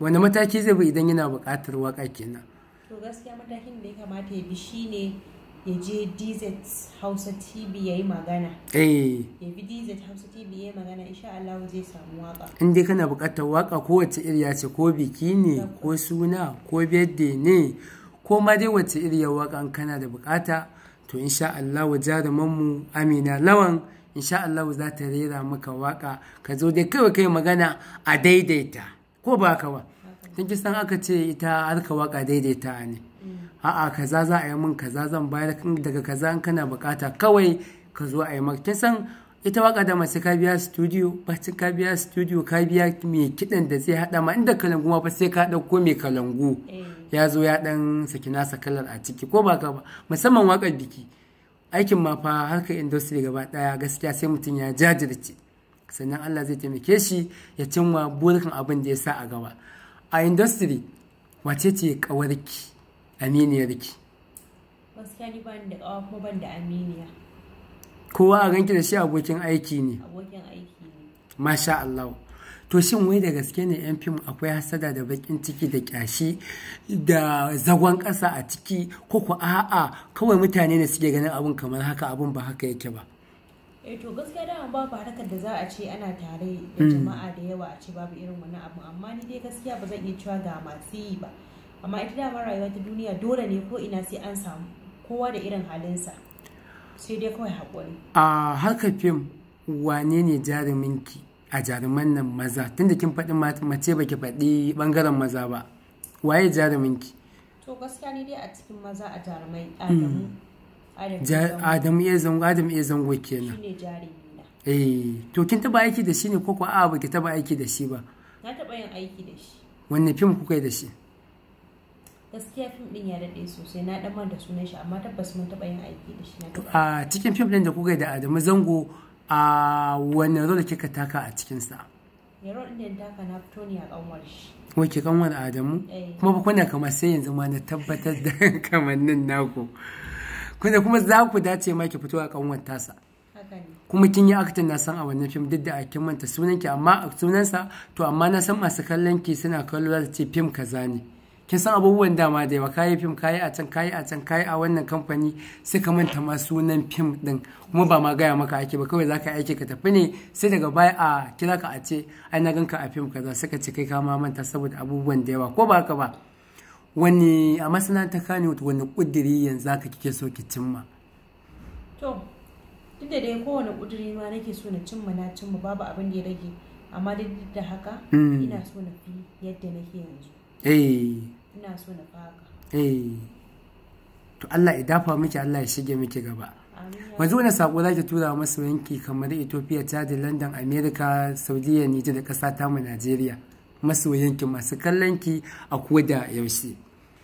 wani mataki zai bi idan yana buƙatar waka kenan to gaskiya matakin da ya kamata ya bi shine ya je dz hausa tv ya yi magana eh ya bi dz hausa tv ya yi magana insha Allah zai samu waka in dai kana buƙatar waka ko wace iriya ce ko biki ne ko suna ko birthday ne ko ma dai wace iriyar waka kana da buƙata to insha Allah jarumanmu amina lawan insha Allah za ta rera maka waka ka zo dai kawai kai magana a daidaita ko ba ka ba kin ki san aka ce ita harka waka daidaita ne a'a kaza za a yi min kaza zan bayar daga kaza in kana bukata kawai ka zo a yi maka kin san ita waka da mace ka biya studio ci ka biya studio ka biya mai kiɗan da zai haɗa ma inda kalangu ma fa sai ka dauko mai kalangu eh. ya zo ya dan saki nasa kalar a ciki ko ba ka ba musamman wakar biki aikin ma fa harkar industry gaba ɗaya gaskiya sai mutum ya jajirce sannan Allah zai taimake shi ya cimma burikan abin da ya sa a gaba a industry wace ce kawarki aminiyarki gaskiya ni da kawa kuma ban da aminiya kowa a ganki da shi abokin aiki ne masha Allah to shin wai da gaske ne yan fim akwai hasada da bakin ciki da kyashi da zagon ƙasa a ciki ko ku a'a kawai mutane ne suke ganin abun kamar haka abun ba haka yake ba Eh, to gaskiya da an babu harkar da za a ce ana tare da hmm. jama'a da yawa a ce babu irin wani abu amma ni dai gaskiya ba zan iya cewa ga masu yi ba amma ita damar rayuwa ta duniya dole ne ko ina sai an samu kowa da irin halinsa sai dai kawai haƙuri a harkar fim wane ne jaruminki a jaruman nan maza tunda kin faɗi mace baki faɗi bangaren maza ba waye jaruminki to gaskiya ni dai a cikin maza a jarumai adamu hmm. adam iya zango adam iya zango kenan shine jarumi eh to kin taba aiki da shi ne ko ko a ba ki taba aiki da shi ba na taba yin aiki da shi wanne fim kuka yi da shi gaskiya fim din ya daɗe sosai na damar da sunan shi amma tabbas mun taɓa yin aiki da shi na a cikin fim din da kuka yi da Adamu Zango a wani rol kika taka a cikin sa ya rol din taka na fito ne a kanwar shi wake kanwar Adamu eh. kuma ba kuna kamar sai yanzu ma na tabbatar da kamannin naku kuma kuma za ku dace ma ki fito a kanwan tasa kuma kin yi aktin na san a wannan fim duk da a kin manta sunan ki amma sunansa to amma na san masu kallon ki suna kallo za ce fim kaza ne kin san abubuwan dama da yawa kayi fim kayi a can kayi a can kayi a wannan kamfani sai ka manta ma sunan fim din kuma ba ma gaya maka ake ba kawai za ka aiki ka tafi ne sai daga baya a kira ka a ce ai na ganka a fim kaza ka ce kai ka ma manta saboda abubuwan da yawa ko ba haka ba wani a masana masana'antar kaniwood wani ƙudiri yanzu haka kike so ki cimma to duk da dai kowane ƙudiri ma nake so na cimma na cimma babu abin da ya rage amma duk da haka hmm. ina so na fi yadda nake yanzu eh ina so na faka eh to Allah ya dafa miki Allah ya shige miki gaba wanzu wani sako za ki tura masu yanki kamar Ethiopia, Chad, London, America, Saudiya, Nijar da ƙasa ta mu Najeriya masoyanki masu kallonki a koda yaushe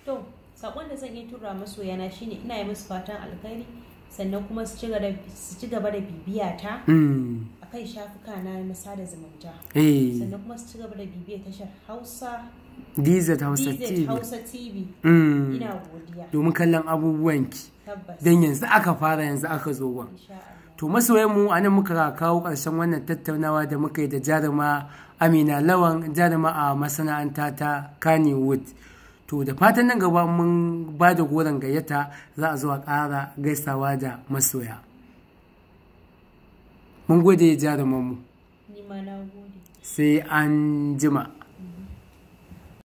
to sakon da zan yi tura masoyana shine ina yi musu fatan alkhairi sannan kuma su ci gaba da bibiya ta hmm. kan shafuka na sada zumunta eh. sannan kuma su ci gaba da bibiya tashar hausa DZ Hausa TV. Mm. Domin kallon abubuwanki. Don yanzu aka fara yanzu aka zo wa. To masoyanmu mu anan muka kawo ƙarshen wannan tattaunawa da muka yi da jaruma Amina Lawan jaruma a masana'anta ta Kannywood. To da fatan nan gaba mun ba da goron gayyata za a zo a ƙara gaisawa da masoya. Mun gode jarumanmu. Sai an jima.